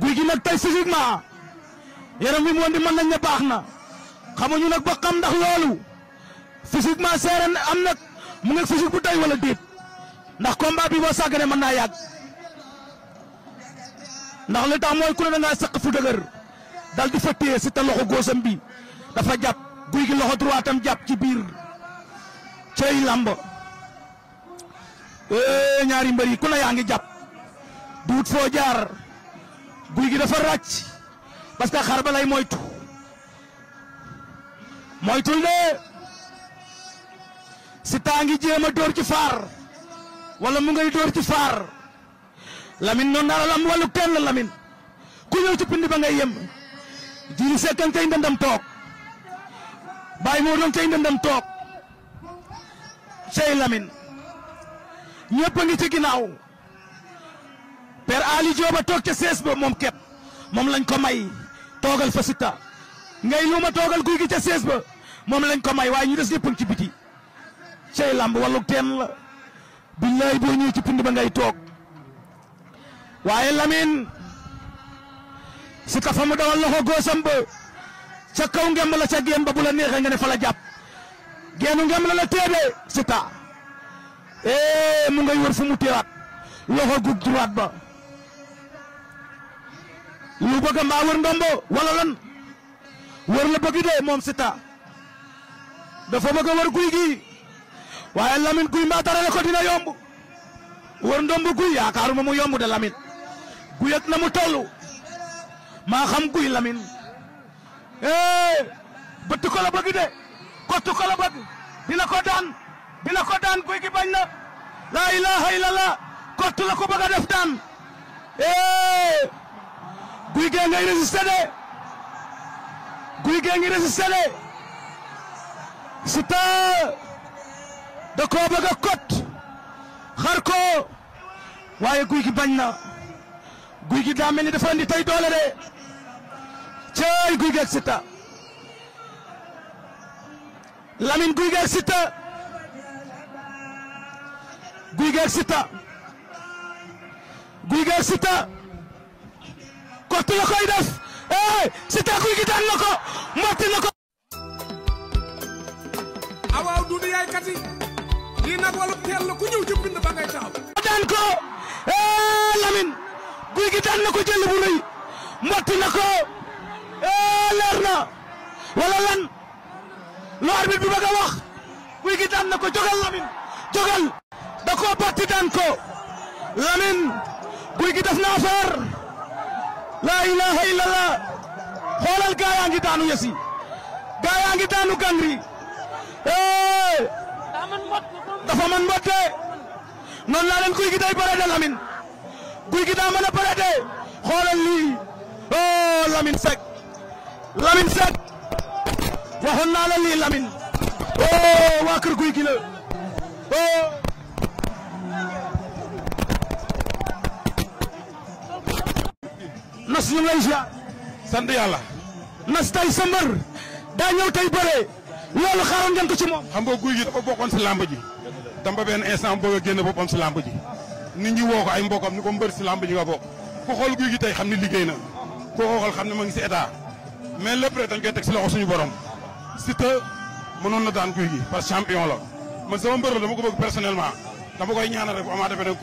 guy gi nag tey physiquement yaram bi moom woon di mën nañ ne baax na xamuñu nag ba xam ndax loolu physiquement seereen am nag mu ngi physique bu doy wala déet ndax combat bi boo sàgganee man naa yàgg ndax li tax mooy ku ne da sëq fu dëgër dal di fa si te loxo góosam bi dafa jàpp guy gi loxo droit tam jàpp ci biir cey làmb ñaari mbër yi ku ne yaa ngi jàpp duut foo jaar. guy gi dafa ràcc parce que xar ba lay moytu moytul de Siteu ngi jéem a dóor ci faar wala mu ngay dóor ci faar Lamine noonu dara lam wàllu kenn la Lamine ku ñëw ci pind ba ngay yem jiri sekkan kay ndëndam toog bàyyi moo doon kay ndëndam toog cey Lamine ñëpp ngi ci ginnaaw Père Ali ba a toog ca sees ba moom képp moom lañ ko may toogal fa Siteu ngay lu toogal guy gi ca sees ba moom lañ ko may waaye ñu des ñëpp ci biti cey làmb wàllu teen la billaay boo ñëwee ci pind ba ngay toog waaye Lamine Siteu fa mu dawal loxo góosam ba ca kaw ngemb la ca géem ba bu la neexee nga ne fa jàpp géemu ngemb la la téebee Siteu ee eh, mu ngay wër fu mu téewaat loxo gu droite ba lu bëgg mbaa wër ndombo wala lan wër la bëgg de moom Siteu dafa bëgg wër guy gi waaye Lamine guy mbaa tarale ko dina yomb wër ndombo guy yaakaaruma mu yomb de Lamine guy na mu toll maa xam guy Lamine eh bëtt la bëgg de kottu la bëgg dina daan dina daan guy gi bañ na laa ilaaha illallah kottu la ko guy gee ngay résisté de guy gee da koo bëgg kot xar ko waaye guy gi bañ na guy gi daa mel ni dafa andi tey doole de cey guy gi ak Siteu guy gi ak guy gi ak kott la koy def eh Siteu Gouye Gui daan na ko mott na ko. awaaw ah, Doudou yaay lii nag wala teel la ku ñëw ci bind ba ngay daan ko eh Lamine Gouye daan na ko jël bu rëy mott na ko leer na wala lan lu arbitre bi bëgg a wax Gouye Gui daan na ko jogal Lamine jogal da koo batti daan ko Lamine Gouye Gui def na affaire. laa ilaha illallah xoolal gaa daanu yesi gaa daanu gandri eh dafa mën mbotte noonu laa guy gi day bëre guy gi daa xoolal lii oh Lamine Seck Lamine Seck waxoon naa lii Lamine oh waa guy gi la oh. Mass ñu sant yàlla. Mass tey sa mbër daa ñëw tey bëree loolu xaaroon ngeen ko ci moom. xam nga guy gi dafa bokkoon si làmb ji. damba benn instant bëgg a génn boppam si làmb ji. nit ñi woo ko ay mbokam ni ko mbër si làmb ji nga bokk. ku xool guy gi tey xam ni liggéey na. ku ko xool xam ne ma ngi si état. mais lépp rek dañ koy teg si loxo suñu borom. si te mënoon na daan guy gi parce que champion la. man sama mbër la dama ko bëgg personnellement dama koy ñaanal rek bu amaat beneen